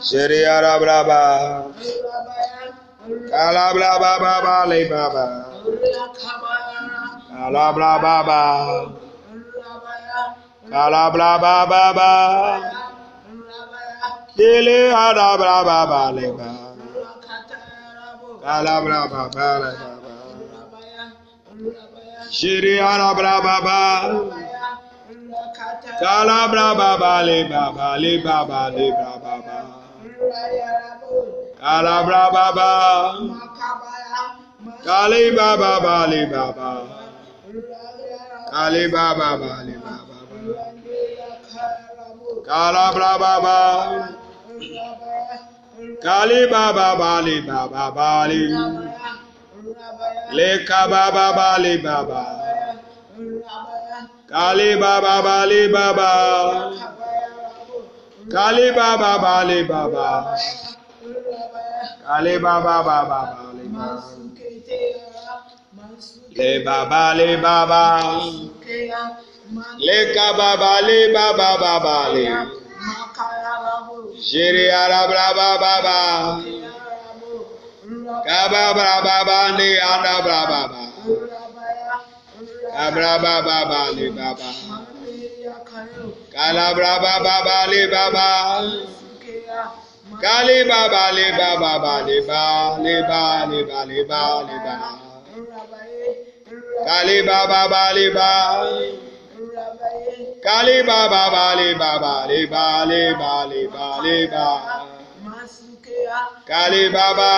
Shri Arabraba. Kalabla Baba Bali Baba. Kalabla Baba. Kalabla Baba Baba. Shri Arabla Baba Bali Baba. Kalabla Baba Bali Baba. Shri Arabla Baba. Kalabla Baba Bali Baba Bali Baba Bali Baba Baba. Kalabra baba. Kali baba bali baba. Kali baba bali baba. Kalabra baba. Kali baba bali baba bali. Leka baba bali baba. Kali baba bali baba. Kali baba bali baba. Kali baba baba bali baba. Le baba le baba. Le kababa le baba baba le. Jiri arabra baba baba. Kaba baba baba ne arabra baba. Kabra baba baba le baba. Kalabra baba bali baba. Kali baba Le baba bali bali bali bali bali ba. Kali baba bali ba. Kali baba bali baba li bali bali bali ba. Kali baba.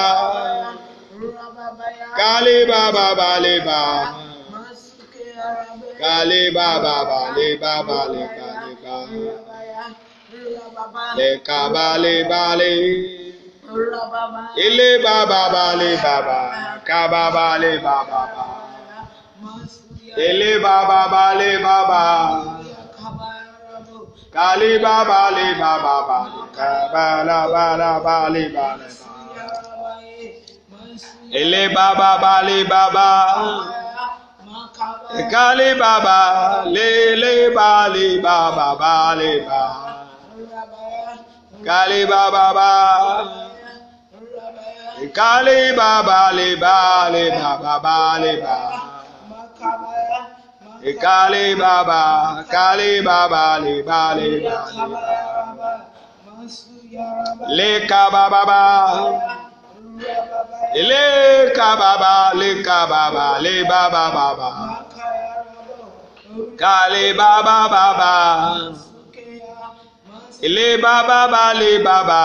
Kali baba bali ba. Kali baba bali baba li Le Lẹ́ka balẹ̀ balẹ̀. Ilé bàbá balẹ̀ bàbá. Kaba balẹ̀ bàbá. Ilé bàbá balẹ̀ bàbá. Kali bàbá lè bàbá balẹ̀. Kaba bàbá bale balẹ̀. Ilé baba bale baba. Kali baba, le bali baba bali ba. Kali baba ba. Kali baba le bali baba bali ba. Kali baba, kali baba le bali bali ba. Le kababa ba leka baba leka baba le baba baba kale baba baba le baba baba le baba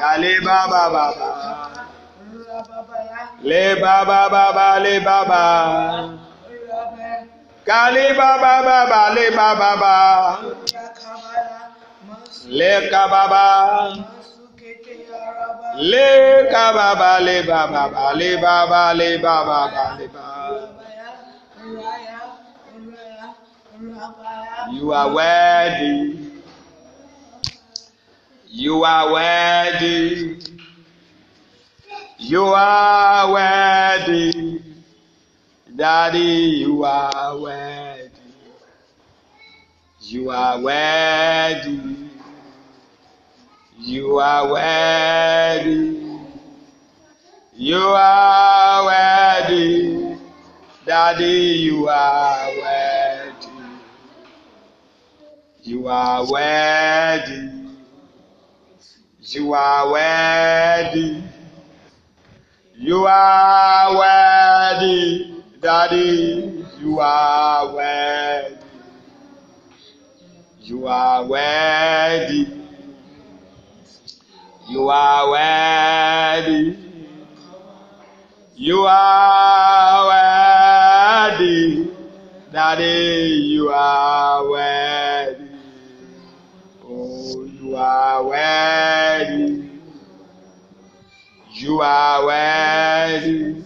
kale baba baba le baba baba le baba kale baba baba le baba baba leka baba le ka ba le ba ba ba le ba ba le ba ba ba le ba. You are worthy. You are worthy. You are worthy. Daddy, you are worthy. You are worthy. You are worthy. You are worthy. Daddy, you are worthy. You are worthy. You are worthy. You are worthy, Daddy. You are worthy. You are worthy. You are worthy. You are worthy. Daddy, you are worthy. Oh, you are worthy. You are worthy.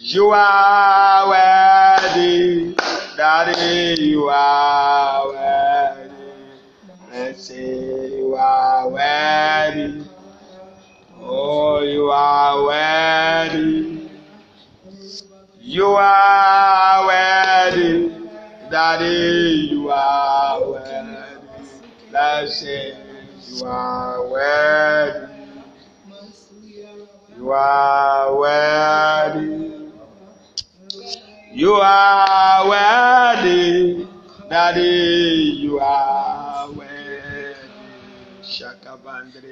You are worthy. Daddy, you are worthy. Let's say are worthy. Oh, you are worthy. You are worthy. Daddy, you are worthy. Blessed, you are worthy. You are worthy. You are worthy, Daddy. You are.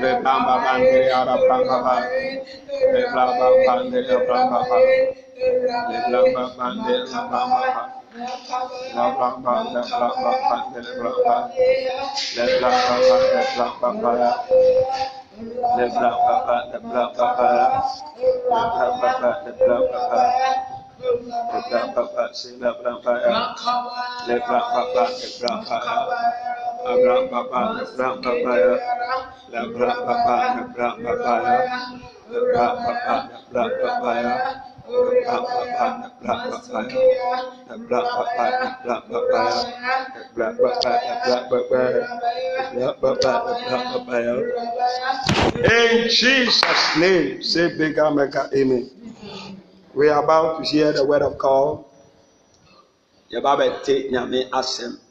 le bamba bandere ara bamba ba le bamba bandere bamba ba le bamba bandere bamba la bamba la bamba bandere bamba le bamba bandere bamba le bamba bandere bamba le bamba bandere bamba ba Lebrak bapak, lebrak bapak, lebrak bapak, lebrak bapak, Abraham, Papa, papa, papa, Abraham, Papa, papa, papa, Papa, Abraham, papa, Papa, Abraham, papa, Papa, Abraham, papa, Papa, Abraham, papa, Abraham, Papa, Abraham, papa, In Jesus' name, say big Amen. We about to hear the word of God. nyame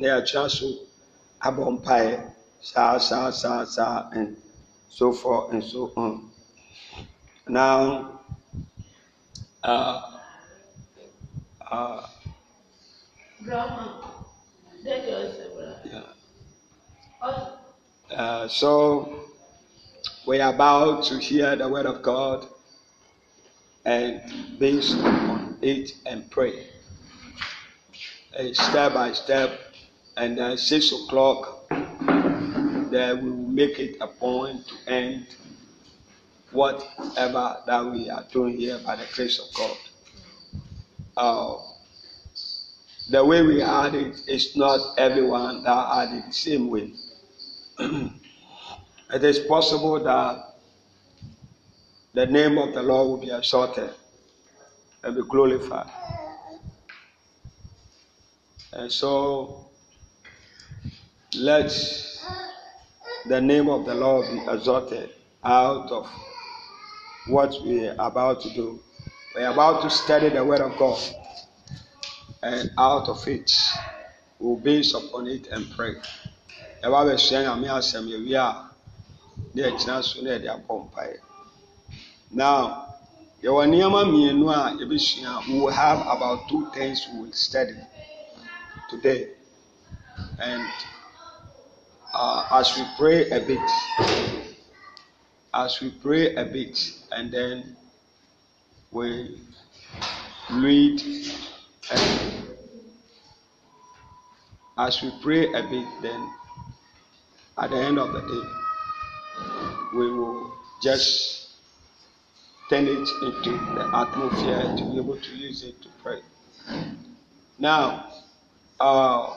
na-atwa so abɔ mpaeɛ sa sa sa sa, and so forth and so on. Now, uh, uh, Brahma, yeah. Oh. Uh, so we are about to hear the word of God and based on it and pray uh, step by step, and at six o'clock, that we will make it a point to end whatever that we are doing here by the grace of God. Uh, the way we had it is not everyone that had it the same way. it is possible that the name of the Lord will be exalted and be glorified. And so let the name of the Lord be exalted out of what we are about to do. We are about to study the Word of God, and out of it, we'll base upon it and pray. Yàrá bẹ̀ sẹ́ Nyàmé àsẹ̀m yẹ̀ ní ẹ̀kyinà so ní ẹ̀dí abọ́ mpaeɛ. Now, yẹ̀wọ̀ nneɛma mmienu a yẹ̀bi sua, we will have about two things we will study. today. And uh, as we pray a bit, as we pray a bit, and then we read, and as we pray a bit, then at the end of the day, we will just turn it into the atmosphere to be able to use it to pray. Now, uh,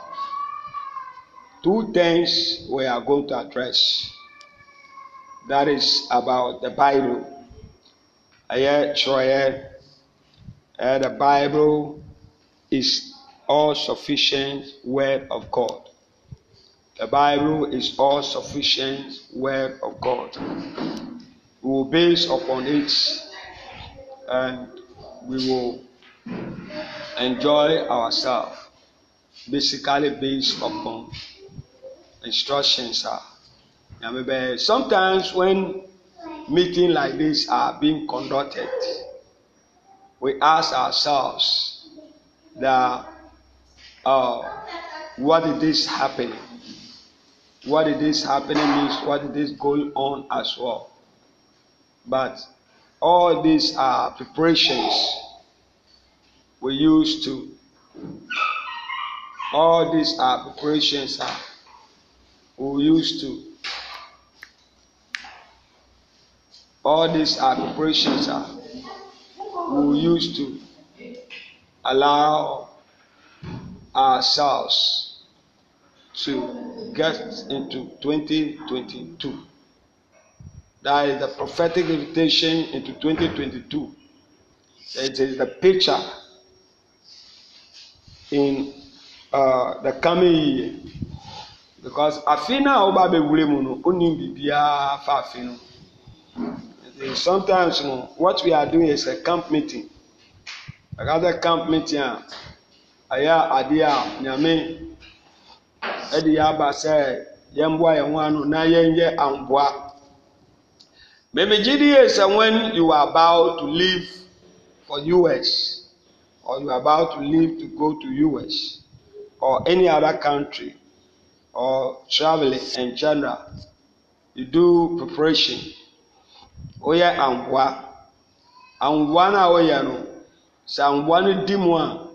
two things we are going to address. That is about the Bible. Ayẹ kyerɛ yɛ the Bible is all sufficient word of God. The Bible is all sufficient word of God. We will base upon it and we will enjoy ourselves. basically based upon instructions are. Sometimes when meetings like this are being conducted, we ask ourselves that uh, what is this happening? What is this happening means what is this going on as well? But all these are preparations we use to All these abbreviations are we used to. All these abbreviations are we used to allow ourselves to get into 2022. That is the prophetic invitation into 2022. It is the picture in uh, the coming year because afi na ọba abewure mu no ó ní bìbíà fa afi no sometimes no what we are doing is a camp meeting rather camp meeting a ɛyɛ adeɛ a nyame ɛde yɛ aba sɛ yɛmboa yɛn ho ano na yɛnyɛ anboa mmemmegye di yɛ sɛ when you are about to leave for us or you are about to leave to go to us. or any other country or traveling in general, you do preparation. Woyɛ angwa, angwa na a woyɛ no, sa anwa no di mu a,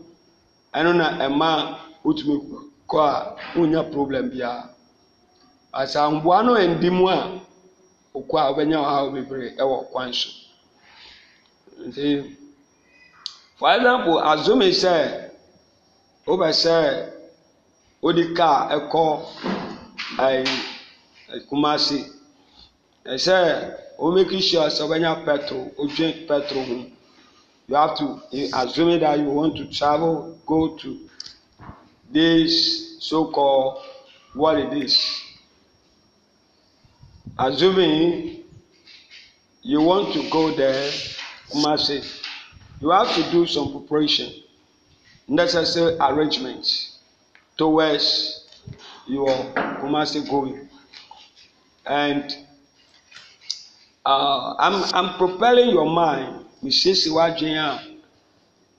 ɛno na ema wotumi kɔ a wonya problem biara. Asɛ angwa no ndi mu a, okɔ a wobɛnya ɔhaw bebree ɛwɔ kwan so. Nti, for example, assume wobɛ sɛ wodi kaa ɛkɔ ɛyi kumasi ɛsɛ womeki sure sɛ wobɛnya petrol wotwe petrol ho you have to assume that you want to travel go to this so called what it is assuming you want to go there kumasi you have to do some preparation necessary arrangements towards your Kumasi going. And uh, I'm, I'm preparing your mind, Mrs. Siwajia.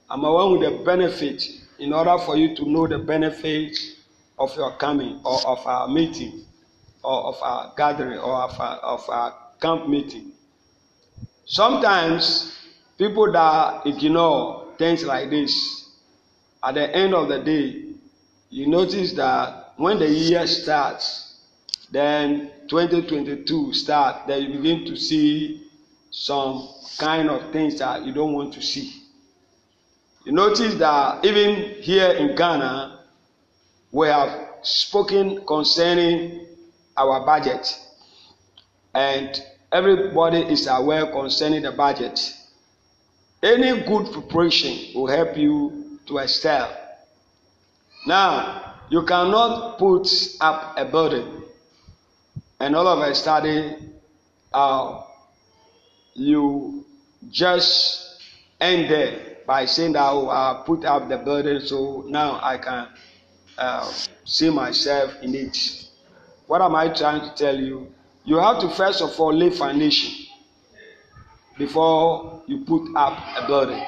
I'm aware with the benefit in order for you to know the benefit of your coming or of our meeting or of our gathering or of our, of our camp meeting. Sometimes people that ignore things like this at the end of the day, you notice that when the year starts, then 2022 starts, then you begin to see some kind of things that you don't want to see. You notice that even here in Ghana, we have spoken concerning our budget, and everybody is aware concerning the budget. Any good preparation will help you to excel. Now, you cannot put up a building and all of a sudden uh, you just end there by saying that oh, I put up the building so now I can uh, see myself in it. What am I trying to tell you? You have to first of all lay foundation before you put up a building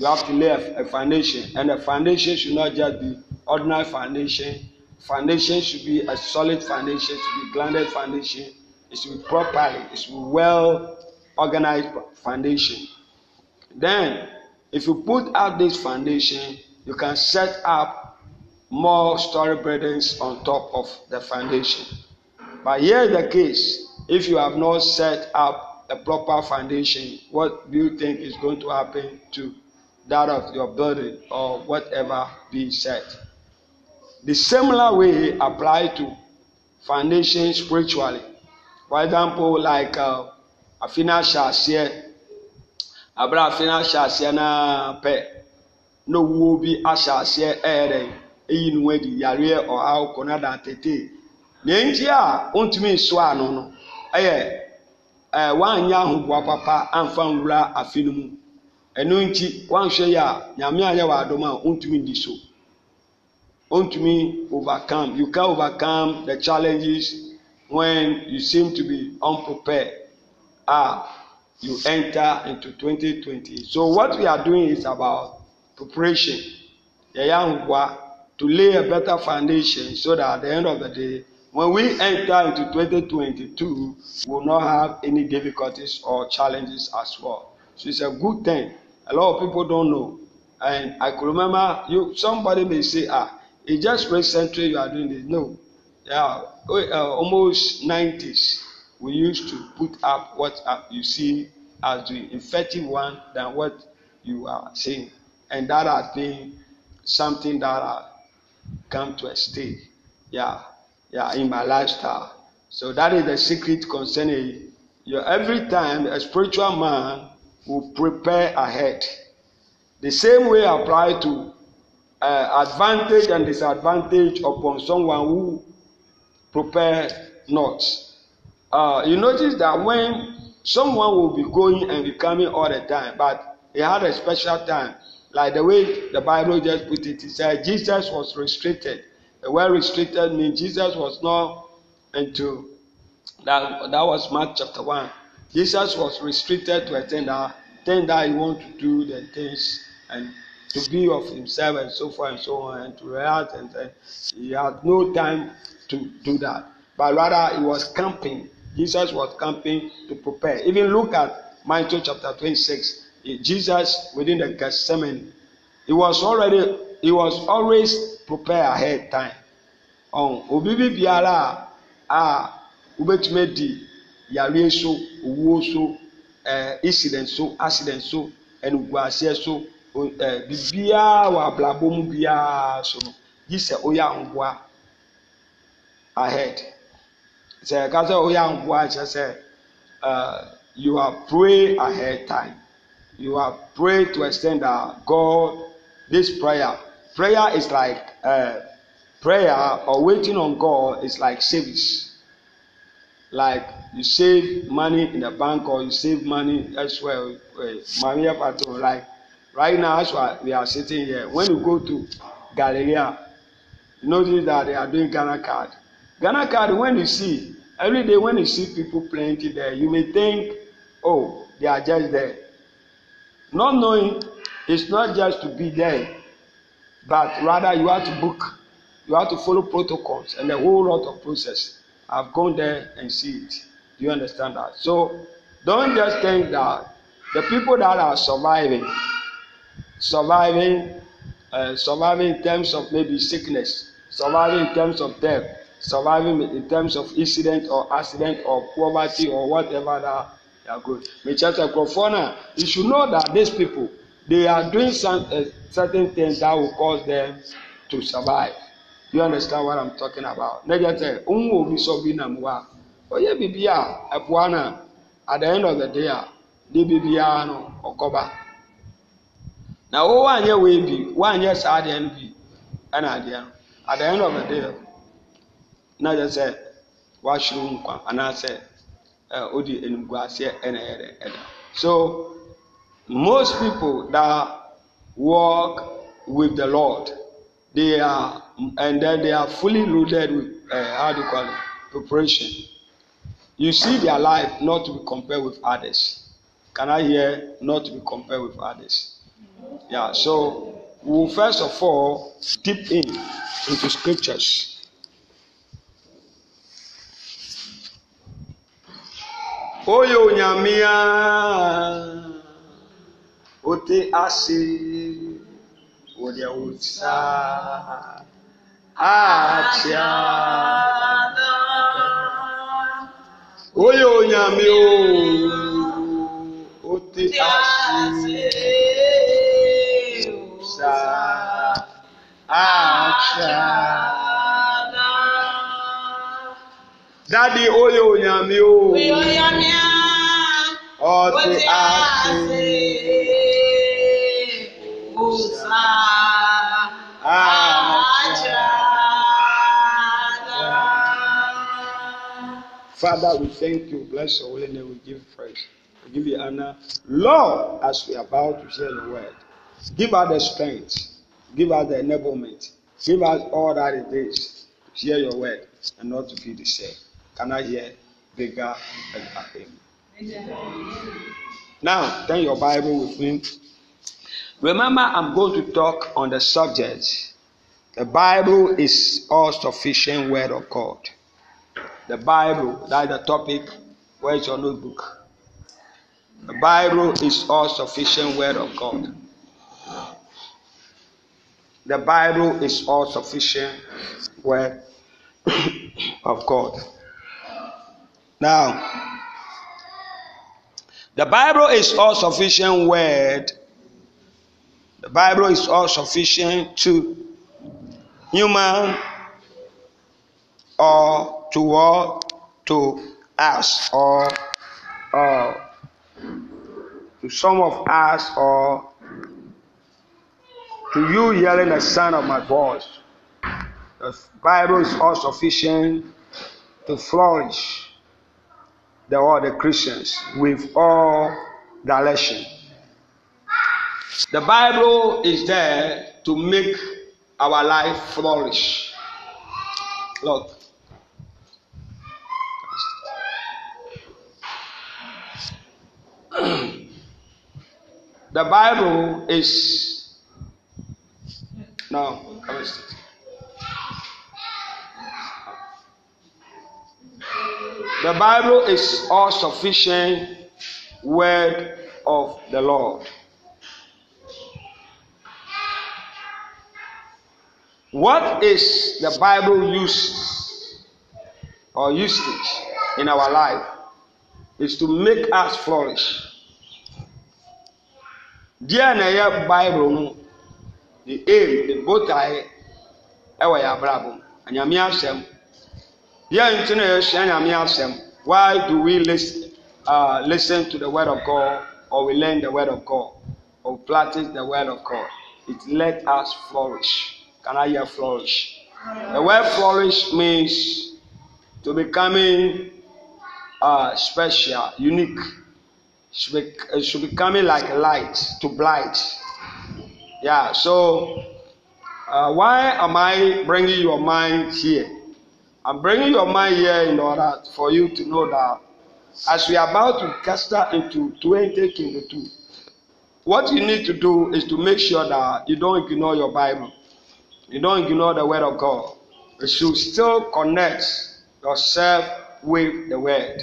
you have to lay a, foundation and the foundation should not just be ordinary foundation foundation should be a solid foundation should be grounded foundation it should be properly it should be well organized foundation then if you put out this foundation you can set up more story buildings on top of the foundation but here is the case if you have not set up a proper foundation what do you think is going to happen to that of your building or whatever be said. The similar way apply to foundation spiritually. For example, like uh, Afina Shaseɛ, abira Afina Shaseɛ naa pɛ, na owuo bi ahyɛ aseɛ ɛyɛrɛ eyi e ne ho adi yareɛ ɔha kɔnɔ da tete. Nea nti a ontumi nso ano no ɛyɛ ɛɛ wanyɛ ahoboa papa amfa nwura afi no mu ɛno nti wanhwɛ yi a nyame ayɛ wɔ adom a ɔntumi di so ɔntumi overcome you can overcome the challenges when you seem to be unprepared ah you enter into 2020 so what we are doing is about preparation yɛyɛ ahoboa to lay a better foundation so that at the end of the day when we enter into 2022 we will not have any difficulties or challenges as well so it's a good thing A lot of people don't know. And I could remember you. Somebody may say, ah, it's just recently you are doing this. No, yeah, uh, almost 90s we used to put up what uh, you see as the effective one than what you are seeing, and that has been something that has come to a stage. Yeah, yeah, in my lifestyle. So that is the secret concerning your Every time a spiritual man will prepare ahead. The same way apply to uh, advantage and disadvantage upon someone who prepare not. Uh, you notice that when someone will be going and be coming all the time, but he had a special time, like the way the Bible just put it, it said Jesus was restricted. The word restricted means Jesus was not into that. That was Mark chapter one. Jesus was restricted to a tender, tender he want to do the things and to be of himself and so far and so on and to react and then he had no time to do that. But rather he was camping. Jesus was camping to prepare. Even look at Matthew chapter 26. Jesus within the Gethsemane, he was already he was always prepared ahead time. Um, obi biara a wobɛtumi yare so owuo so ɛɛ incident so accident so ɛne guaseɛ so ɛɛ biribiara wɔ abrabɔ mu biara so no yi sɛ oyɛ angoa ahead sɛ ɛka sɛ oyɛ angoa kyerɛ sɛ ɛɛ you are pray ahead time you are pray to extend that God this prayer prayer is like uh, prayer or waiting on God is like service like you save money in the bank or you save money elsewhere eh, maria pato like right now as we are sitting here when you go to galleria you notice that they are doing ghana card ghana card when you see every day when you see people plenty there you may think oh they are just there not knowing it's not just to be there but rather you have to book you have to follow protocols and a whole lot of process I've gone there and see it. Do you understand that? So don't just think that the people that are surviving, surviving, uh, surviving in terms of maybe sickness, surviving in terms of death, surviving in terms of incident or accident or poverty or whatever that they are going. Mechata Krofona, you should know that these people, they are doing some uh, certain things that will cause them to survive you understand what I'm talking about? Negative. Ohun wo bi sọ bi na mu wa. bibi a ɛboa na at the end of the day a de bibi a no ɔkɔba. Na wo wanyɛ wei bi wanyɛ saa adeɛ no bi ɛna adeɛ no at the end of the day na yɛ sɛ wahyerɛ nkwa anaasɛ ɛ odi enimguaseɛ ɛna ɛyɛ dɛ ɛda. So most people that work with the Lord they are and then they are fully loaded with uh, how preparation you see their life not to be compared with others can i hear not to be compared with others yeah so we first of all deep in into scriptures. Oyo onyamia ote ase wòde awotisa atsiada oyo onyame o ote asi sa atsiada. Dadi oyo onyame Father, we thank you. Bless your holy name. We give praise. We give you honor. Lord, as we are about to share the word, give us the strength, give us the enablement, give us all that it is to share your word and not to be the same. Can I hear bigger and amen? Now, turn your Bible with me. Remember, I'm going to talk on the subject. The Bible is all sufficient word of God the Bible, that's the topic. Where is your notebook? The Bible is all sufficient word of God. The Bible is all sufficient word of God. Now, the Bible is all sufficient word. The Bible is all sufficient to human or To toward to us or uh, to some of us or to you hearing the sound of my voice. The Bible is all sufficient to flourish the all the Christians with all direction. The Bible is there to make our life flourish. Look, The Bible is now. The Bible is all sufficient word of the Lord. What is the Bible used or usage in our life is to make us flourish deɛ na ɛyɛ bible no ne aim ne botae ɛwɔ yɛ abrabɔ anyame asɛm yɛn nti na yɛsua anyame asɛm why do we listen, uh, listen to the word of god or we learn the word of god or practice the word of god it let us flourish can i hear flourish the word flourish means to becoming uh, special unique should be, it should be coming like light to blight. Yeah, so uh, why am I bringing your mind here? I'm bringing your mind here in order for you to know that as we are about to cast caster into 2022, what you need to do is to make sure that you don't ignore your Bible, you don't ignore the Word of God. You should still connect yourself with the Word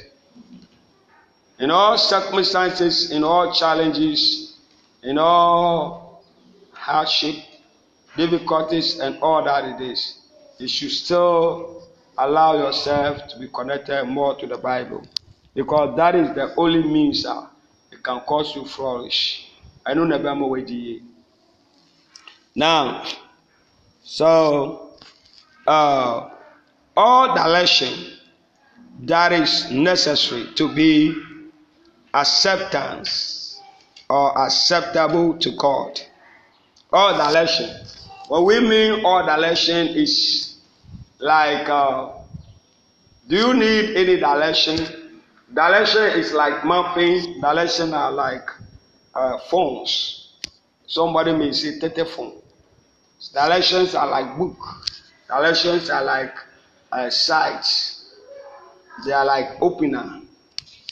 in all circumstances, in all challenges, in all hardship, difficulties, and all that it is, you should still allow yourself to be connected more to the Bible because that is the only means that it can cause you flourish. I know never more Now, so uh, all direction that is necessary to be acceptance or acceptable to God. All direction. What we mean all direction is like uh, do you need any direction? Direction is like mapping, direction are like uh, phones. Somebody may say telephone. Directions are like book. Directions are like uh, sites. They are like opener.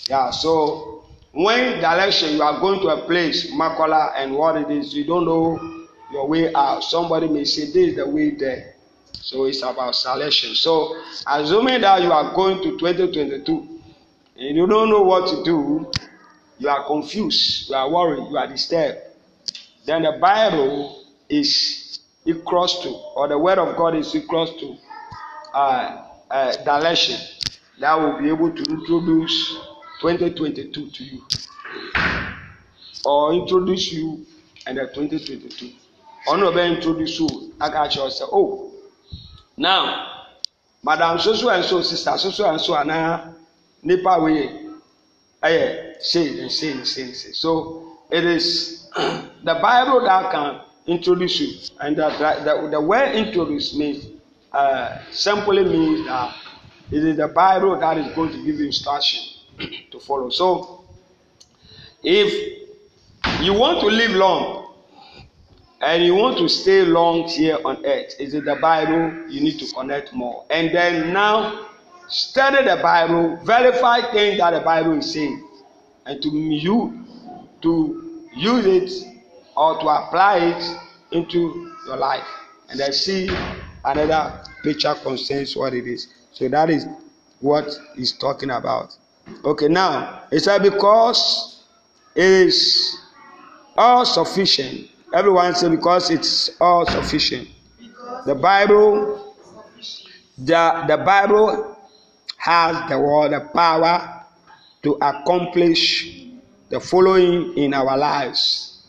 Yeah, so When direction, you are going to a place, Makola, and what it is, you don't know your way out. Somebody may say, This is the way there. So it's about selection. So, assuming that you are going to 2022 and you don't know what to do, you are confused, you are worried, you are disturbed. Then the Bible is equals to, or the Word of God is equals to uh, uh, direction that will be able to introduce 2022 to you or introduce you and the 2022 ọ̀nà ọ̀bẹ introduce you aka akyerɛ ɔsɛ oh now madam soso and so sister soso and so ana uh, nipa wei ɛyɛ eh, say and say and say and say so it is the bible that can introduce you and that the, the word introduce means uh, simply means that it is the bible that is going to give you instruction to follow. So, if you want to live long and you want to stay long here on earth, is it the Bible? You need to connect more. And then now, study the Bible, verify things that the Bible is saying, and to you to use it or to apply it into your life. And I see another picture concerns what it is. So that is what he's talking about. Okay, now he said because it is all sufficient. Everyone say because it's all sufficient. Because the Bible, the, the Bible has the word, the power to accomplish the following in our lives.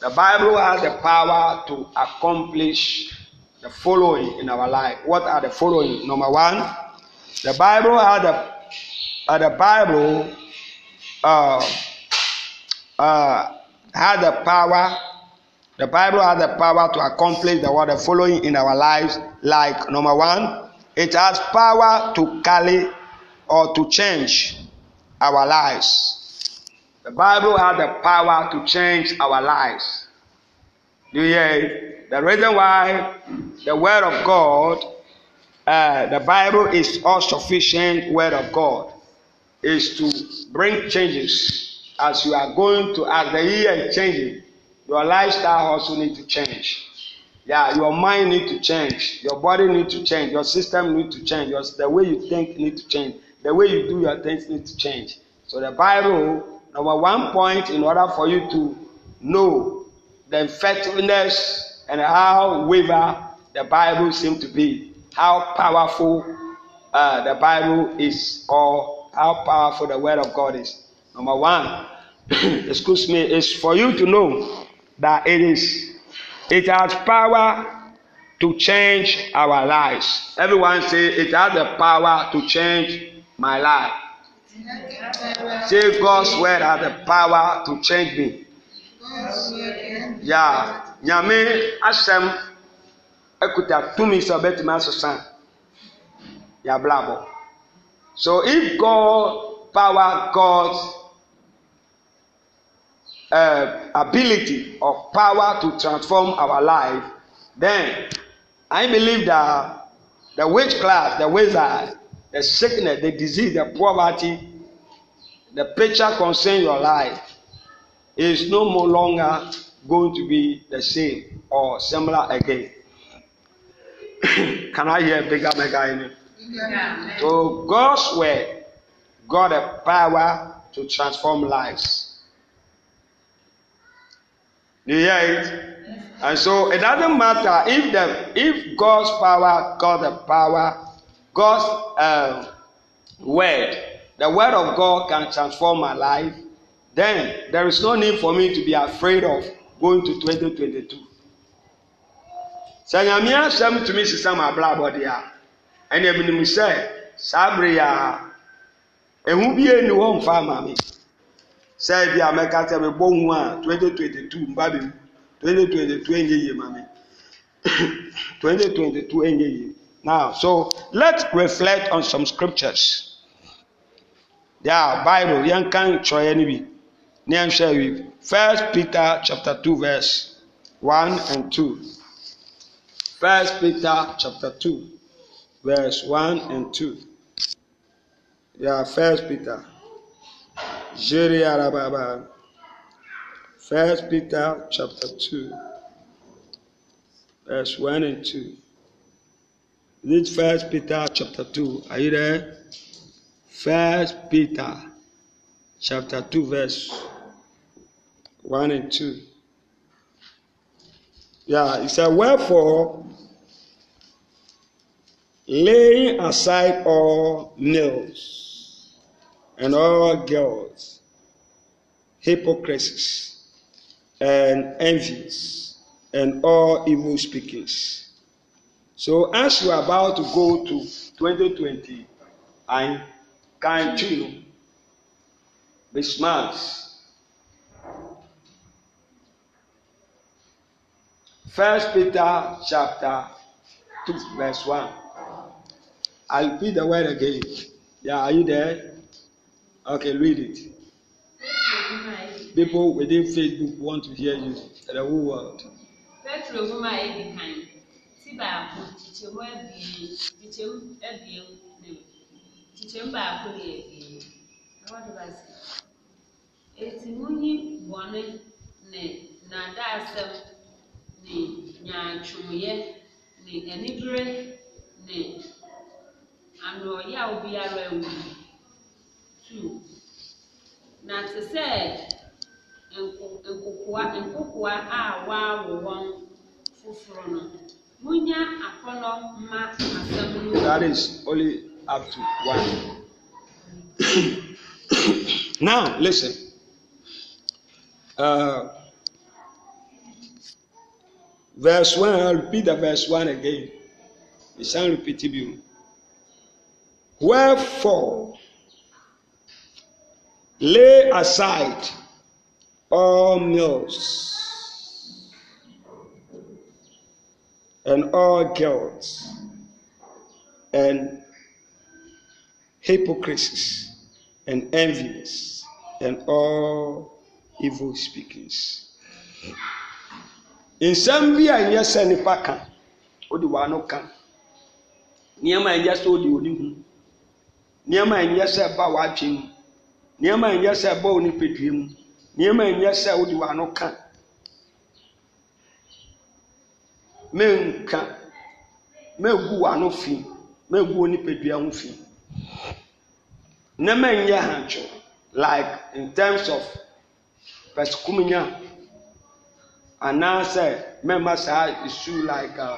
The Bible has the power to accomplish the following in our life. What are the following? Number one, the Bible has the uh, the Bible uh, uh, had the power. The Bible has the power to accomplish the word the following in our lives. Like number one, it has power to carry or to change our lives. The Bible has the power to change our lives. Do you hear? The reason why the Word of God, uh, the Bible is all sufficient Word of God is to bring changes as you are going to as the year is changing your lifestyle also need to change yeah your mind need to change your body need to change your system need to change your the way you think need to change the way you do your things need to change so the bible number one point in order for you to know the effectiveness and how waver the bible seem to be how powerful uh, the bible is or how powerful the word of God is. Number one, excuse me, is for you to know that it is it has power to change our lives. Everyone say it has the power to change my life. Say God's word has the power to change me. Yeah, nyame asɛm ekuta tumi sɛ ɔbɛtumi asesa yabla abɔ. So if God power, God's uh, ability or power to transform our life, then I believe that the class, the wizard, the sickness, the disease, the poverty, the picture concerning your life is no more longer going to be the same or similar again. Can I hear a bigger mega? To God's word, God a power to transform lives. You hear it? And so it doesn't matter if the if God's power, God's power, God's uh, word, the word of God can transform my life, then there is no need for me to be afraid of going to 2022. Sanyamia to me, Sister Mablabo, dear. ɛnna menim sɛ saa bere ya, aha ehu bie ni wɔn mfa maame sɛ ebi a mɛka sɛ mebɔ hu a twenty twenty two mba bi mu twenty twenty two enye yie maame twenty twenty two enye yie now so let's reflect on some scriptures there are bible yɛn kan kyerɛ yɛn ni bi ne yɛn hwɛ wi first peter chapter two verse one and two first peter chapter two verse 1 and 2. Yeah, First Peter. Jiri Arababa. First Peter chapter 2, verse 1 and 2. Is First Peter chapter 2? Are you there? First Peter chapter 2, verse 1 and 2. Yeah, it said, Wherefore laying aside all nails and all girls, hypocrisies, and envies, and all evil speakings. So, as you are about to go to 2020, I can you be smart. First Peter chapter 2, verse 1. I'll read the word again. Yeah, are you there? Okay, read it. People within Facebook want to hear you. The whole world. Petro nwoma a edi kan ti baako kyikyem abien kyikyem abien nam kyikyem baako yɛ abien wɔde ba si eti munyi bɔne ne nadaasɛm ne nyaatwomyɛ ne anibere ne ana ɔyaw biara awu two na te sɛ nkokoa nkokoa a waawo wɔn foforɔ no munya akɔnɔ mma asɛm no. that is only up to one. now listen. Uh, verse one i repeat the verse one again. we sound repetitive. Wherefore, lay aside all malice and all guilt and hypocrisies and envies and all evil speakings. nsɛm bi a nyɛ sɛ nipa kan o de wa ano kan nneɛma a nyɛ sɛ o de o ni hu nneɛma a nyɛ sɛ ba w'atwe mu nneɛma a nyɛ sɛ ba wo nipadua mu nneɛma a nyɛ sɛ wode w'ano ka menka megu w'ano fi megu wo nipadua ho fi nneɛma a nyɛ hantwe like in terms of pɛsikumnya anaasɛ mɛma saa issue like uh,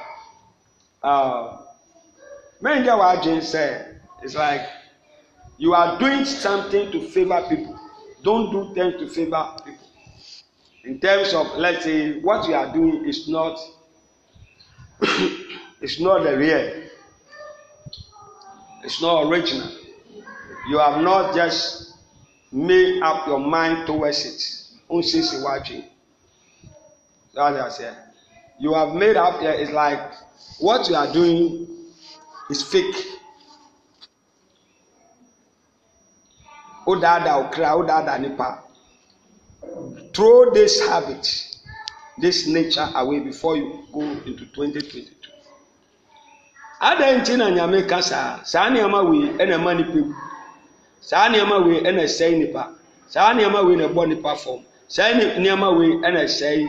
uh, mɛnyɛ w'adwen sɛ it's like. You are doing something to favor people. Don't do things to favor people. In terms of, let's say, what you are doing is not, it's not the real. It's not original. You have not just made up your mind towards it. Unsisi watching. That's what I say. You have made up. It's like what you are doing is fake. wodaadaa wo kra wodaadaa nipa throw this habit this nature away before you go into 2022 adan nti na nyame ka saa saa nneɛma wei ɛna ɛma nipa wu saa nneɛma wei ɛna ɛsɛe nipa saa nneɛma wei na ɛbɔ nipa fam saa nneɛma wei ɛna ɛsɛe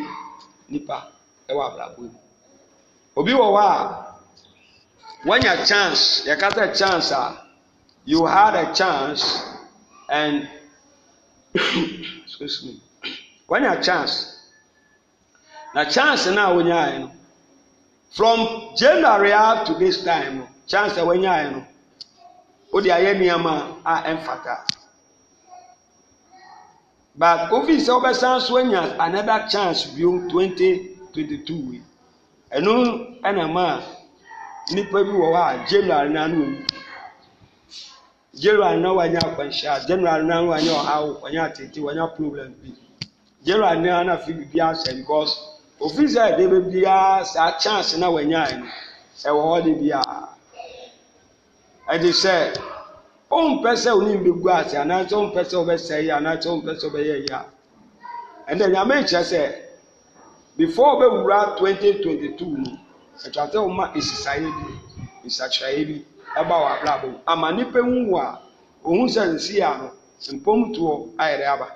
nipa ɛwɔ abrabɔ mu obi wɔ hɔ a wanya chance yɛka sɛ chance a you had a chance. And excuse me, wanya chance. Na chance na wanya ayɛ no. From January up to this time, no chance wanya ayɛ no. O de ayɛ nneɛma a ɛmfata. But ofin sɛ ɔbɛsan so anya another chance bio twenty twenty two wi. Ɛno ɛna ma nipa bi wɔ hɔ a January na ano wɔ general na wanya akwanhyia general na wanya ɔhaw wanya atete wanya problem bi general na na fi bibi asɛ because ofin sɛ ɛde bɛ bia saa chance na wanya yɛ no ɛwɔ hɔ de bia ɛde sɛ ɔmpɛ sɛ onim bi gu ase anaasɛ ɔmpɛ sɛ ɔbɛsɛ yi anaasɛ ɔmpɛ sɛ ɔbɛyɛ yi a ɛnna nyame nkyerɛ sɛ before ɔbɛwura twenty twenty two no ɛtwa sɛ ɔma esisaeɛ e bi esakyerɛeɛ bi ɛba wɔ abrabɔ mu ama nipa hu wɔ a ohun sɛ nsi a mpɔmtoɔ ayɛrɛ aba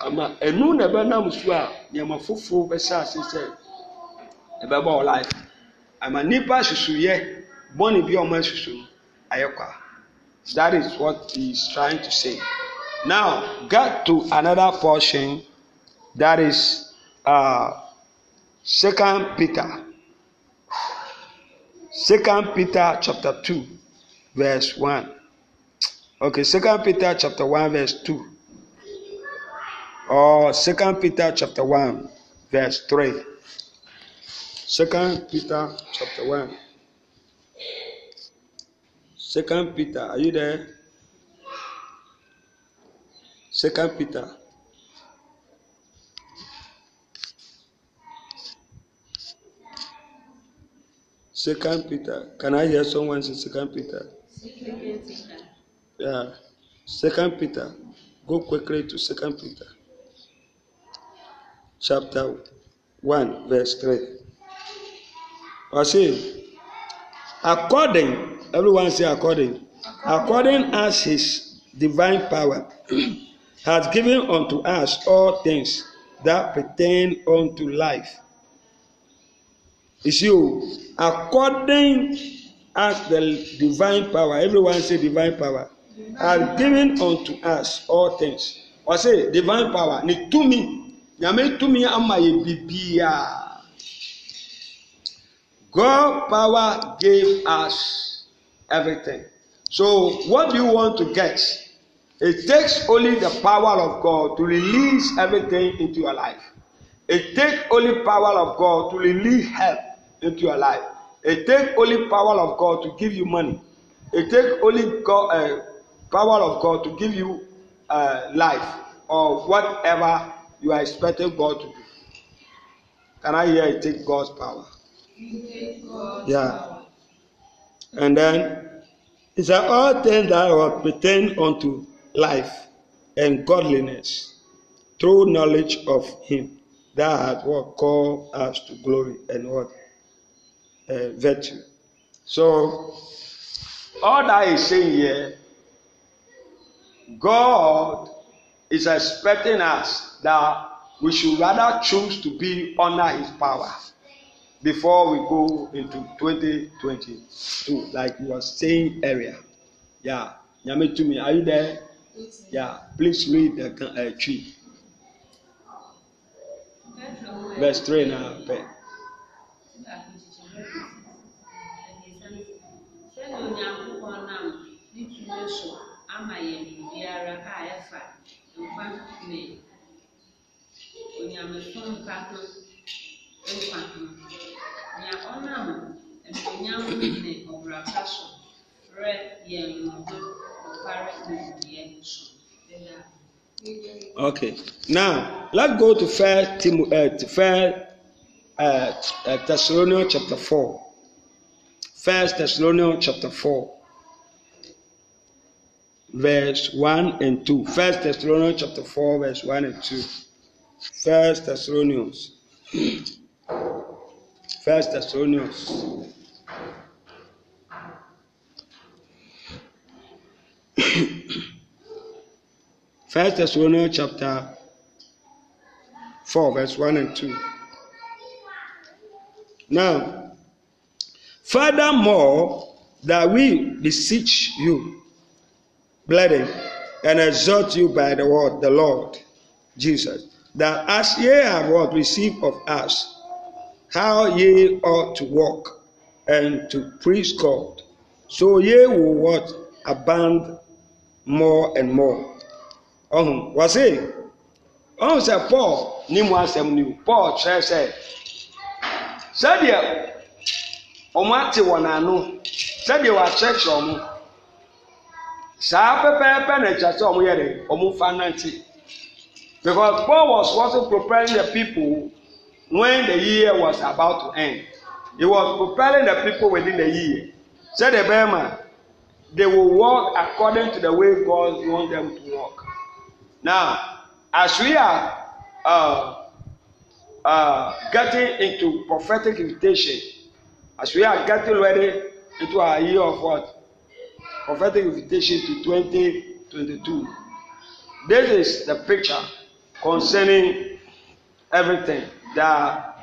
ama ɛnu na ɛbɛnam so a nneɛma foforɔ bɛsɛ ase sɛ ɛbɛba wɔ life ama nipa susuyɛ bɔnne bi a wɔn asusu no ayɛ kwa that is what he is trying to say now get to another portion that is uh, second peter second peter chapter two verse 1. Okay, Second Peter chapter 1, verse 2. Or Second Peter chapter 1, verse 3. Second Peter chapter 1. Second Peter, are you there? Second Peter. Second Peter. Can I hear someone say Second Peter? Yeah. Second Peter. Go quickly to Second Peter. Chapter 1, verse 3. I see. according, everyone say according, according as his divine power has given unto us all things that pertain unto life. You see, oh, according ask the divine power everyone say divine power are given unto us all things say divine power to tumi nyame tumi ama yɛ bibia god power gave us everything so what do you want to get it takes only the power of god to release everything into your life it takes only power of god to release help into your life it takes only power of God to give you money. It takes only God, uh, power of God to give you uh, life or whatever you are expecting God to do. Can I hear it take God's power? God's yeah. Power. And then he said, All things that are pertain unto life and godliness through knowledge of him that hath call called us to glory and what uh, virtue. So, all that is saying here, God is expecting us that we should rather choose to be under His power before we go into 2022, like you are saying earlier. Yeah, to me, are you there? Yeah, please read the uh, tree. Best 3 now. so ama yɛn biribiara a ɛfa nkwa ne onyamefom pato nkwa ho nea ɔnam mponyam ne ɔbraka so rɛ yɛn mmɔdo nokware ne nneɛ so Okay, now let's go to First Tim, uh, eh, First uh, Thessalonians chapter four. First Thessalonians chapter four. verse 1 and 2. First Thessalonians chapter 4, verse 1 and 2. First Thessalonians. First Thessalonians. First Thessalonians chapter 4, verse 1 and 2. Now, furthermore, that we beseech you bleeding and exhort you by the word, the Lord Jesus, that as ye have what received of us, how ye ought to walk and to preach God, so ye will what abound more and more. Ọhụrụ, wọsị, ọhụrụ mu Pọl n'ịmụ asem n'iwu, Pọl kyerɛ sɛ, sɛdeɛ wɔn ate wɔn ano, sɛdeɛ wɔakyerɛkyerɛ wɔn saa pɛpɛɛpɛ na ɛkyɛ sɛ ɔmo yɛ de ɔmo fa nante because paul was also preparing the people when the year was about to end he was preparing the people within the year said the bema they will walk according to the way god want them to walk now as we are uh, uh, getting into prophetic invitation as we are getting ready into our year of what Prophetic invitation to 2022. This is the picture concerning everything that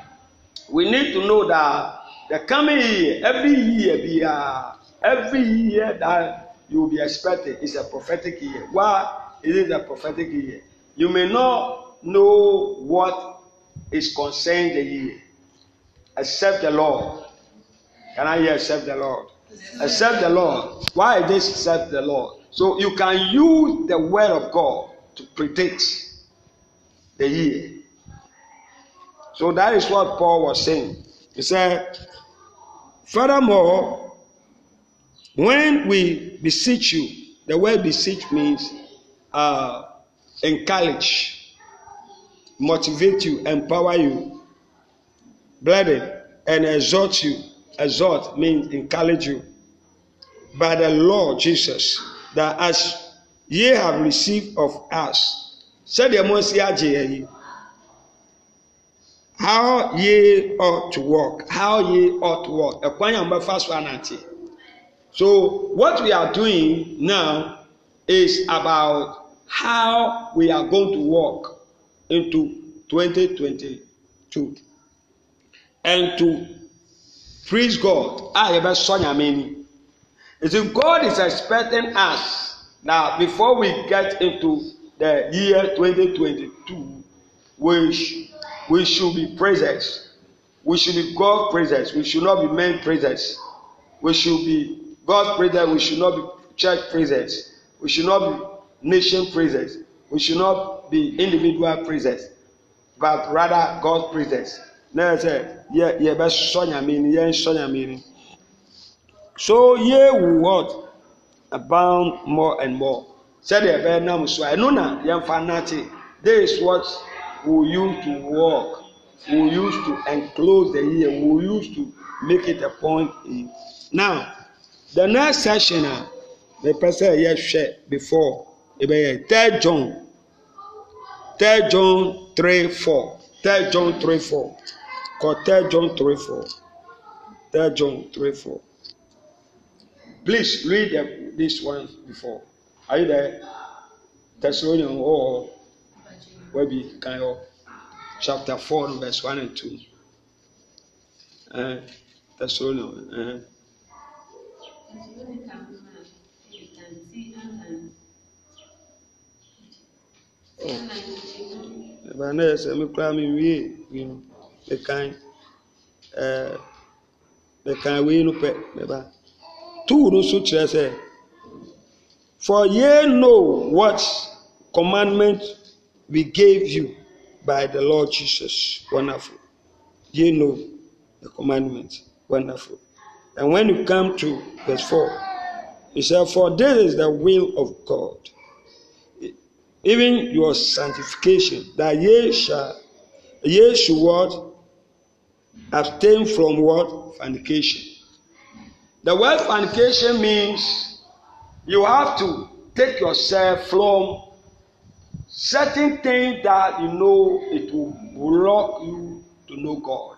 we need to know that the coming year, every year, be, uh, every year that you will be expecting is a prophetic year. Why is it a prophetic year? You may not know what is concerning the year, except the Lord. Can I hear except the Lord? Accept the Lord. Why this accept the Lord? So you can use the word of God to predict the year. So that is what Paul was saying. He said, Furthermore, when we beseech you, the word beseech means uh, encourage, motivate you, empower you, bless and exhort you exhort means encourage you by the Lord Jesus that as ye have received of us sɛdeɛ mo asi agye yɛ how ye ought to walk how ye ought to walk ɛkwan yɛn bɛfa so anante so what we are doing now is about how we are going to walk into 2022 and to praise god a ah, yɛbɛsɔ nyame ani nti god is expecting us na before we get into the year 2022 we sh we should be praisers we should be god praisers we should not be men praisers we should be god praisers we should not be church praisers we should not be nation praisers we should not be individual praisers but rather god praisers na sɛ yɛ yɛbɛsɔ nyame ni yɛnsɔ nyame ni so ye will what abound more and more sɛdeɛ ɛbɛyɛ nam so a ɛno na yɛmfa nate this what we use to work we use to enclose the year we use to make it a point in now the next session a mepɛ sɛ yɛhwɛ before ɛbɛyɛ third john third john three four third john three four. Call third John three four. Third John three four. Please read the, this one before. Are you there? Thessalonians or Webby kind of chapter four, verse one and two. Uh, Thessalonians. Uh. Oh. Ẹ̀bà náà ẹsẹ̀ mi kúrá mi wí ɓe kan ɓe eh, kan weelu pɛ ɓe ba tuuru su kyerɛ sɛ for ye know what commandment we gave you by the lord jesus wonderful ye know the commandment wonderful and when you come to verse four he say, for this is the will of god even your sanctification that ye shall ye should what abstain from what? Fornication. The word fornication means you have to take yourself from certain things that you know it will block you to know God.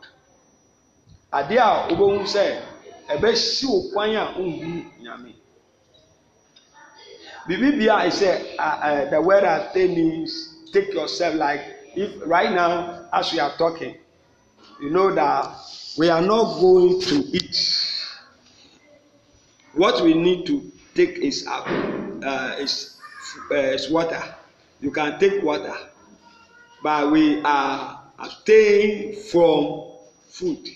Ade a wobɛhu sɛ ɛbɛ si wo kwan a ohun nyame. Bibi bia is sɛ the word abstain means take yourself like if right now as we are talking you know that we are not going to eat what we need to take is uh, uh is, uh, is water you can take water but we are abstain from food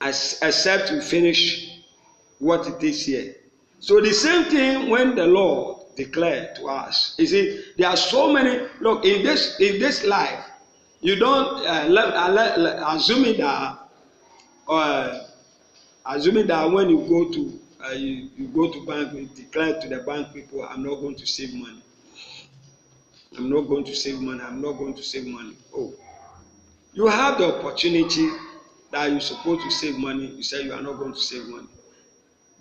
as except we finish what it is here so the same thing when the lord declared to us you see there are so many look in this in this life You don't uh, let, uh, let, that uh, assume that when you go to uh, you, you go to bank you declare to the bank people I'm not going to save money. I'm not going to save money. I'm not going to save money. Oh, you have the opportunity that you supposed to save money. You say you are not going to save money.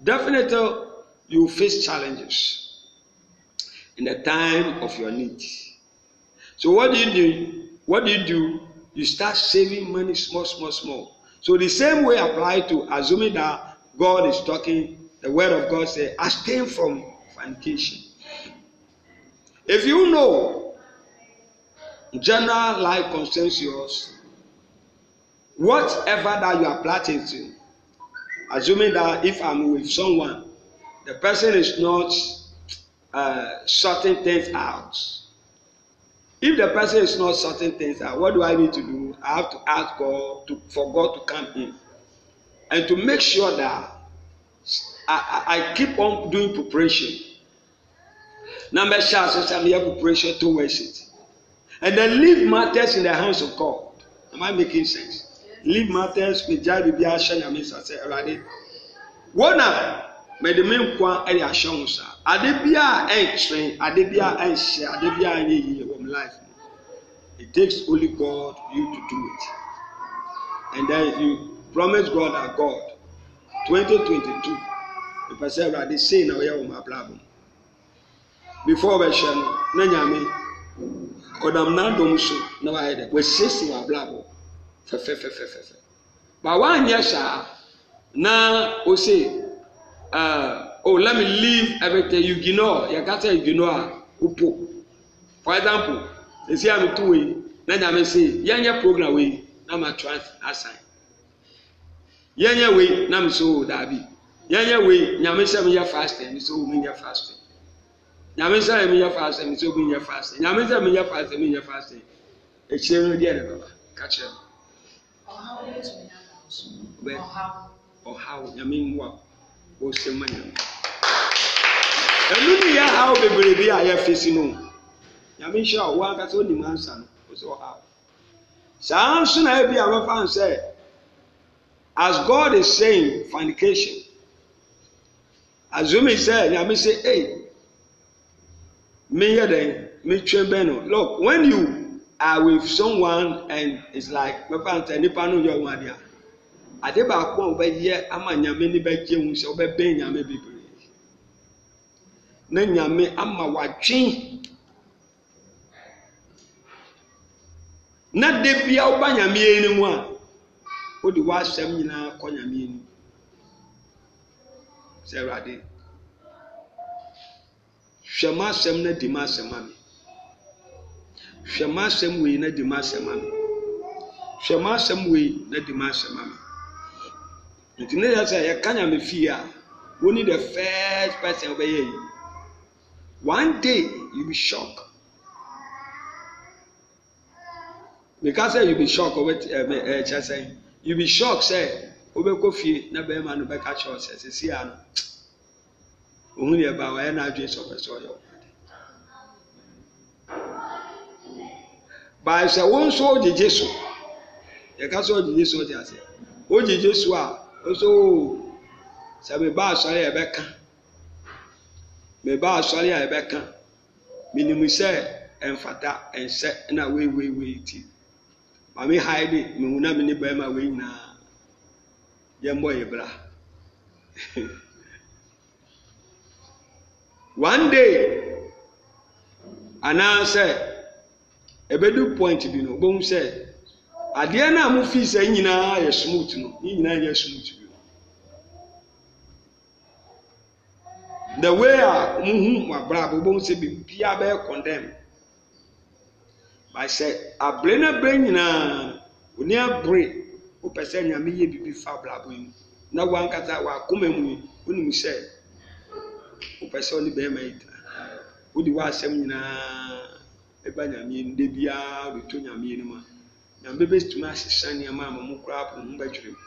Definitely, you face challenges in the time of your need. So what do you do? what do you do? You start saving money small, small, small. So the same way apply to assuming that God is talking, the word of God say, abstain from fornication. If you know general life consensus, whatever that you are planning to, assuming that if I'm with someone, the person is not uh, sorting things out if the person is not certain things out ah, what do i need to do i have to ask god to for god to come in and to make sure that i i, I keep on doing preparation na mbɛhyɛ say I'm here preparation towards it and then leave matters in the hands of god am i making sense leave matters megya biribi ahyɛ nyame nsa sɛ awurade wɔn a mɛde me nkwa ɛyɛ ahyɛ ho saa ade bi a ɛnkyerɛn ade bi a ɛnhyɛ ade bi a ɛnyɛ yie life. It takes only God you to do it. And then if you promise God that God, 2022, if I say that say now have my problem. Before we share no, na nyame. Odam na wa yede. We sisi wa blabo. Fe fe fe But one year sha na we say uh, oh let me leave everything you know. You got to you know. Upo for example esi a metu wei na nyame se yɛnyɛ program wei na ma to asan yɛnyɛ wei na me so daabi yɛnyɛ wei nyame sɛ meyɛ fasting me so menyɛ fasting nyame sɛ meyɛ fasting me so menyɛ fasting nyame sɛ meyɛ fasting menyɛ fasting ekyire no deɛ ne baba ka kyerɛ me. ɔhaw ɔhaw nyame mmoa ɔsɛ ma nyame ɛnu ne yɛ haw bebrebe a yɛfesi no nyame nhyira a ɔwɔ ankasa onim ansa no ɔsɛ ɔha saa nso na ebi a wɔfa nsɛ as god is saying fornication azumi sɛ nyame sɛ ey meyɛ dɛn metwe bɛn no look when you are with someone and it's like wɔfa nsɛ nipa no yɛ ɔmo adeɛ ade baako a wɔbɛyɛ ama nyame ni bɛgye ho sɛ wɔbɛbɛn nyame bebree na nyame ama wɔatwe. na de bia woba nyame anim a wode w'asɛm nyinaa kɔ nyame anim sɛ awurade hwɛ m'asɛm na di m'asɛm a me hwɛ m'asɛm wei na di m'asɛm a me hwɛ m'asɛm wei na di m'asɛm a me nti ne yɛ sɛ yɛka nyame fie a woni the first person wobɛyɛ yi one day you be shocked because say eh, eh, you be shock ọbẹ ẹbẹ ẹkyẹ say you be shock say. ọbẹkọ fie na bẹẹma no bẹka kyerɛ sẹ sisi ano ohun yɛ ba wɔyɛ n'adwene sɛ ɔbɛ sɛ ɔyɛ ɔbɛde baa sɛ wɔn nso ogyegye so yɛka sɛ ogyegye so ɔte ase ogyegye so a ɔso sɛ me ba asɔre a kan. me ba asɔre a ɛbɛka menim se na we we we ti. maame ha de mehunam ne barima wei nyinaa yɛmmɔ yɛ bra one day anaasɛ ɛbɛdu point bi no wobɛhu sɛ adeɛ no a mofii sɛ nyinaa yɛ smooth no ne nyinaa yɛ smooth bi the way a muhu wabrabɔ wobɛhu sɛ biribiaa bɛyɛ condemn bahyɛ abere na abere nyinaa oni abere wopɛ sɛ nyame yɛ biribi fa abụọ yi na wankasa wakoma mu yi wonim sɛ wopɛ sɛ wone bɛrima yi ọ wode w'asɛm nyinaa ɛba nyame no da biara nyame no a nyame bɛbɛtumi nneɛma ama mo po bɛtwerɛ mu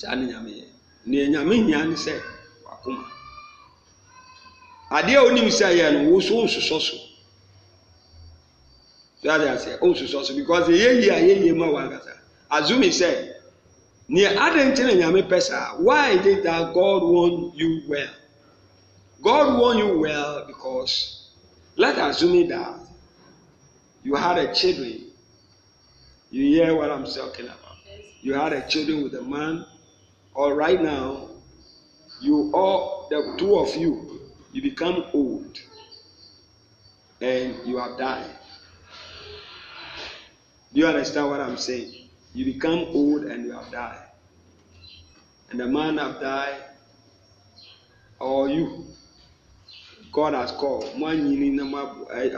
saa ne nyame yɛ nea nyame hia ne sɛ wakoma adeɛ a wonim sɛ yɛ no That is osusu oh, ọsọ because eyeye a yeye ma wa nkasa. Azumi sẹ, nea adi nkyɛn na nyame pɛ saa, why is it that God want you well? God want you well because let Azumi that you had a children. You hear what I'm talking about? You had a children with a man, or right now, you all the two of you, you become old, and you have died. Do you understand what I'm saying? You become old and you have died. And the man have died, or you. God has called. Eh,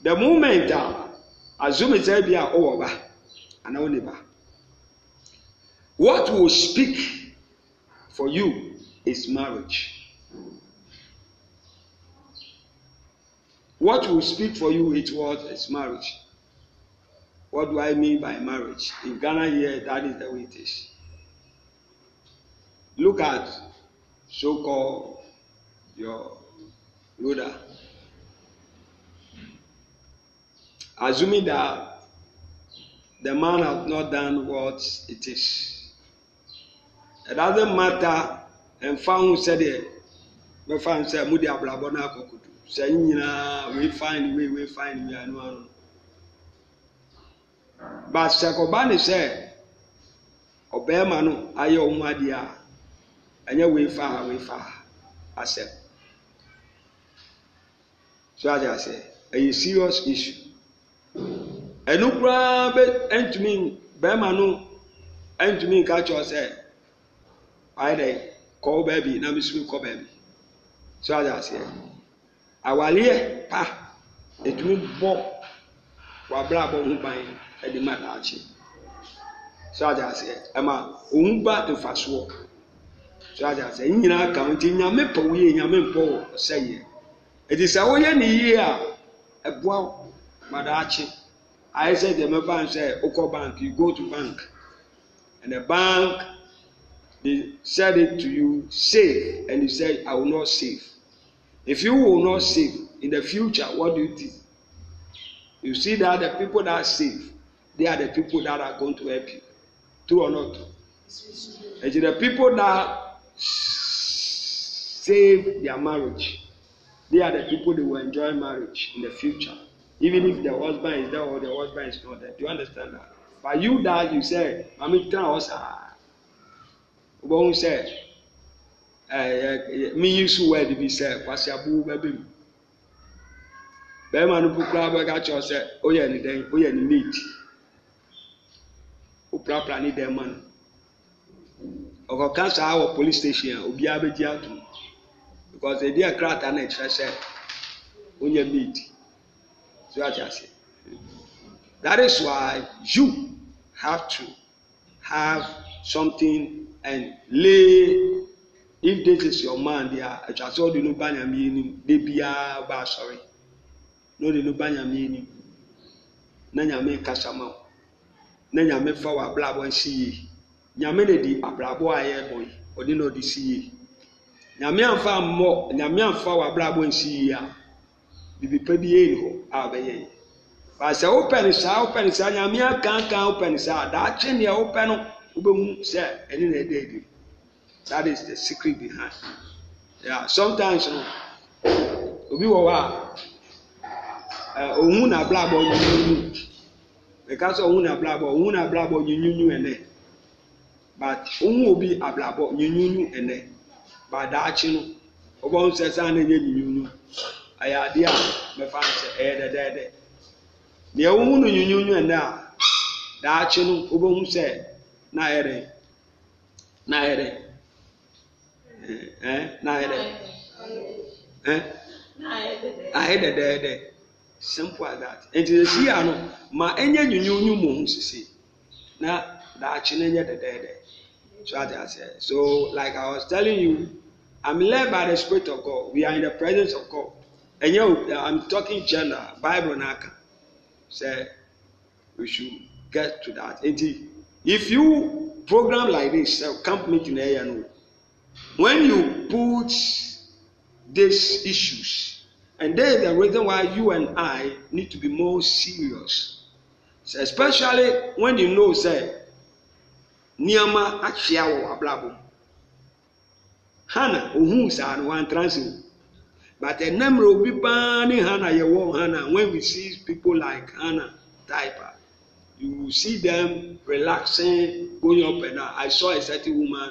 the moment ah, a assume sɛ bi a ɔwɔ oh, ba anaa ɔne What will speak for you is marriage. What will speak for you it was is marriage. What do I mean by marriage? In Ghana here, that is the way it is. Look at so-called your loader. Assuming that the man has not done what it is. It doesn't matter mfa ho said it, my friend said, abrabɔ no akɔkodu sɛ nyinaa wee fain wee wee fain wee anụ anụ but sɛ kɔba ne sɛ ɔbɛrima no ayɛ ɔmo adeɛ a ɛnyɛ wee fa ha wee fa ha asɛm so adi asɛ ɛyɛ serious issue ɛnu koraa bɛ ɛntumi bɛrima no ɛntumi nka kyerɛ sɛ ayɛ dɛ kɔɔ baabi na bɛ sumi kɔ baabi so adi asɛ. awaleɛ pa ɛtumi bɔ w'abrabɔ ho ban ɛde ma n'akyi so adi aseɛ ɛma ohun ba nfasoɔ so adi aseɛ nyinaa ka ho nti nyame pɛ wo yie nyame mpɔ wɔ ɔsɛ yie eti sɛ woyɛ ne yie a ɛboa ma n'akyi ayɛ sɛ deɛ mɛ ban sɛ okɔ bank you go to bank and the bank they sell it to you safe and you say i will not save. If you will not save in the future, what do you think? You see that the people that save, they are the people that are going to help you. True or not? And the people that save their marriage, they are the people that will enjoy marriage in the future. Even if the husband is there or the husband is not there. Do you understand that? But you that you said, I mean, tell us, ah. But who said, ɛɛ miyi so word bi sɛ kwasi abuwo bɛbɛ mu bɛrima no pukura bɛka kyerɛ sɛ oyɛ ne dɛn oyɛ ne meat opurapura ne dɛn ma no ɔkɔka saa wɔ police station a obiara bɛgye ato because edi yɛ krataa na ɛkyerɛ sɛ onye meat so ati ase that is why you have to have something and lay if this is your man there atwa sɛ no ba nyame anim de biara ba asɔre na ɔde no ba nyame anim na nyame kasa ma wo na nyame fa wɔ abrabɔ nsi yie nyame na di abrabɔ a ɛyɛ bɔ yi na ɔde si yie nyame anfa mmɔ nyame anfa wɔ abrabɔ nsi yie a bibi pa bi yɛn hɔ a ɔbɛyɛ yi baasa wopɛ no saa wopɛ no saa nyame akankan wopɛ no saa daakye nea wopɛ no wobɛhu sɛ ɛne na ɛda adi That is the secret behind. Yeah, sometimes no, obi wɔ hɔ a ohun na ablabɔ nyunyunyu. Mɛka sɛ ohun na ablabɔ ohun na ablabɔ nyunyunyu ɛnɛ. But ohun obi ablabɔ nyunyunyu ene But daakye no, ɔbɛn sɛ saa na ɛyɛ nyunyunyu. Ɛyɛ adeɛ a mɛfa sɛ ɛyɛ dɛdɛɛdɛ. Deɛ ohun no nyunyunyu ɛnɛ a daakye no, ɔbɛn sɛ na ayɛ dɛ na ayɛ dɛ. Eh? Eh? na ayɛ dɛ ayɛ dɛdɛɛdɛ simple that nti esi yia no ma enye nyonyonyo mu ohun sisi na daakye na enye dɛdɛɛdɛ so ati ase so like i was telling you i'm led by the spirit of god we are in the presence of god enye i'm talking general bible n'aka say we should get to that nti if you program like this camp meeting na eya no when you put these issues, and there is a reason why you and I need to be more serious, so especially when you know say nneɛma ahyia wɔ abrabɔ hana ohun saa no wantran se o but ɛnam rɛ obi paa ne hana yɛwɔ hana when we see people like hana type you see them relaxing going up and down i saw a certain woman.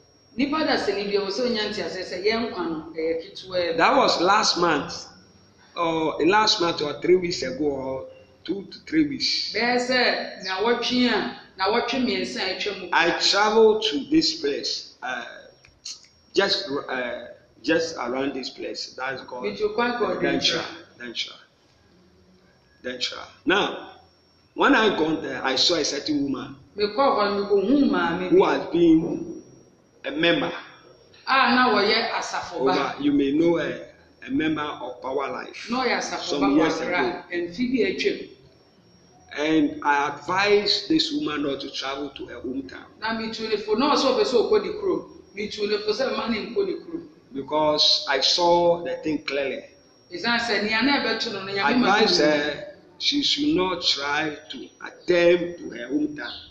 nipa da sɛ ne deɛ ɔsɛ onya nti asɛ sɛ yɛn nkwa no ɛyɛ that was last month or last month or three weeks ago or two to three weeks. bɛɛ sɛ na wɔtwe a na wɔtwe mmiɛnsa a ɛtwa mu. i travel to this place uh, just uh, just around this place that's called dentra dentra dentra now when i gone there i saw a certain woman. mekɔ hɔ no ohun maame. who had been a member. Ah, now we are Asafoba. You may know a, a member of Power Life. No, yes, Some years ago. And Phoebe And I advise this woman not to travel to her hometown. Na mi tu ne fo na ọsọ fẹ sọ okọ di kuro mi tu ne fo sẹ ma Because I saw the thing clearly. Ìsan sẹ ni àná ẹbẹ tu nù ni yàrá her she should not try to attempt to her hometown.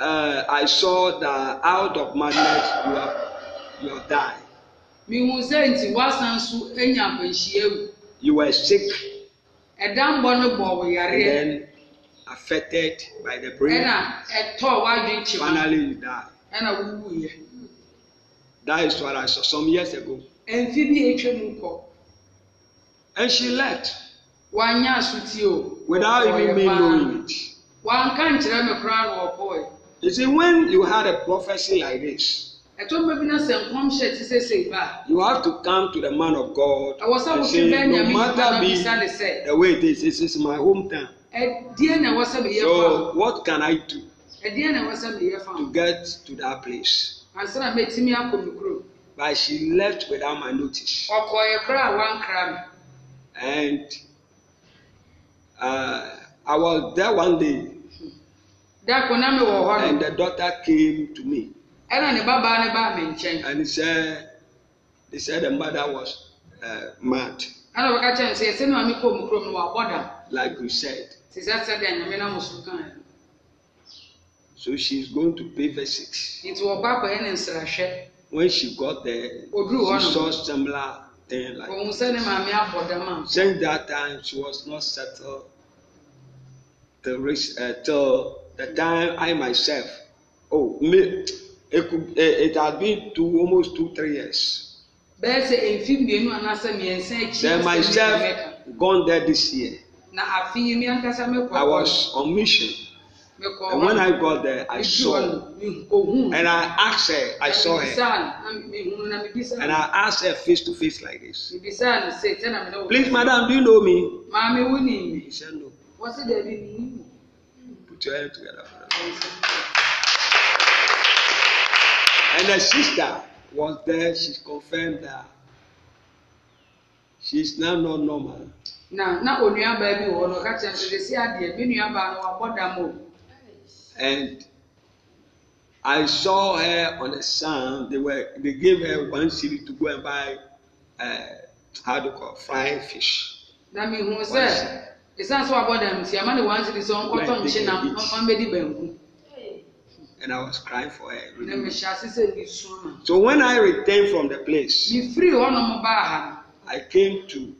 Uh, I saw that out of madness you have you have died. Mihu sɛ nti wasan so enya akwanhyia ewu. You were sick. Ɛdan bɔ no bɔ wɔ yareɛ. Then affected by the brain. Ɛna ɛtɔ wadwi kyi. Finally you die. Ɛna wuwu yɛ. That is what I saw some years ago. Mfi bi etwa mu kɔ. And she left. Wanya asuti o. Without even me knowing it wanka nkyerɛ me koraa na ɔkɔɛ. you see when you had a prophesy like this. ẹtọ mbẹbi na sẹ nkọm hyẹ ti sẹ sẹ ba. you have to come to the man of God. ẹwọ sá wosí bẹẹ ní àmì nípa bí sá ni sẹ. the way it is this is my home town. ẹdíẹ na ẹwọ sẹ mi yẹ fa. so what can I do. ẹdíẹ na ẹwọ sẹ mi yẹ fa. to get to that place. asana mi ti mi akọ mi kúrò. but she left without my notice. ọkọ ẹ kúrò àwọn nkira mi. and uh, I was there one day. Dako na mi wɔ hɔ And the daughter came to me. Ɛna ne babaa ne baa mi nkyɛn. And he said they said the mother was uh, mad. Ɛna wɔka kyɛn sɛ ɛsɛ na mi kɔ mu kurom na wabɔ Like you said. Sisa sɛ de anyame na mo so kan. So she is going to pay for six. Nti wɔ ba akɔyɛ ne nsrahwɛ. When she got there, Oduru hɔ no. she saw similar thing like. Ohun sɛ ne maame abɔ dam Since that time she was not settled till reach uh, till the time I myself, oh, me, it, could, eh, it, it had been two, almost two, three years. bẹ́ẹ̀ sẹ́ èyí mmienu anásẹ́ mmiɛnsa ekyi then myself gone there this year. na àfi yìí mi ankasa mi kọ́. I was on mission. mi and when I got there I saw and I asked her I saw her and I asked her face to face like this. please madam do you know me. maami wo ni. she said no. wọ́n sì dẹ̀ bi mi join together for the Lord. And the sister was there, she confirmed that she's now not normal. na na onuabaa bi wɔ no ɔka kyerɛ no sɛ si adeɛ bi nuabaa no wabɔ dam o. and i saw her on the sand. they were they gave her one shilling to go and buy uh, how do you call fried fish. na mi hun sɛ esan so abɔ dam si ama ne wan siri sɛ ɔnkɔtɔ nkye nam ɔmbɛdi banku And I was crying for her. So when I returned from the place, I came to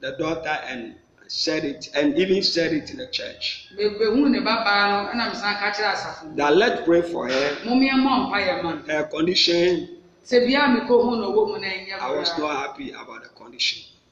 the daughter and said it, and even said it in the church. That let's pray for her. Her condition. I was not happy about the condition.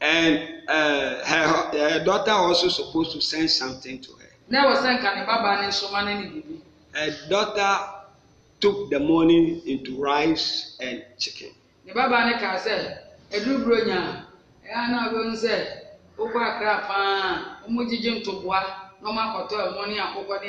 and uh, her, her daughter also supposed to send something to her. na wọ́n sẹ́ nǹkan ní bàbá ní nsọ́mọ́ ní nìbíbí. her daughter took the money into rice and chicken. ní bàbá ní kà sẹ́ ẹ̀dúrúburú yàn ẹ̀ á náà ló ń sẹ́ ó kọ́ àkàrà pààn ó mú jíjí ntòbúà ní wọ́n máa kọ̀tọ́ ẹ̀wọ́n ní àkókò ní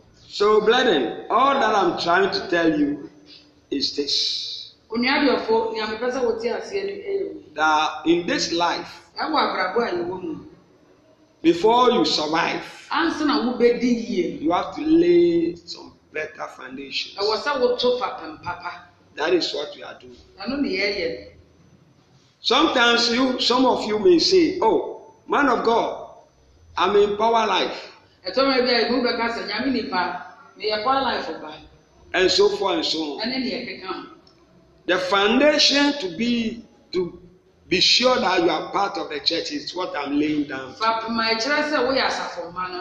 So, brethren, all that I'm trying to tell you is this. That in this life, before you survive, you have to lay some better foundations. That is what we are doing. Sometimes you, some of you may say, "Oh, man of God, I'm in power life." ɛtɔn yɛ bi a ebi bɛka sɛ nyame nipa ne yɛ kwan life ba. and so forth and so on. the foundation to be to be sure that you are part of the church is what i'm laying down. fapoma ɛkyerɛ sɛ woyɛ asafo mma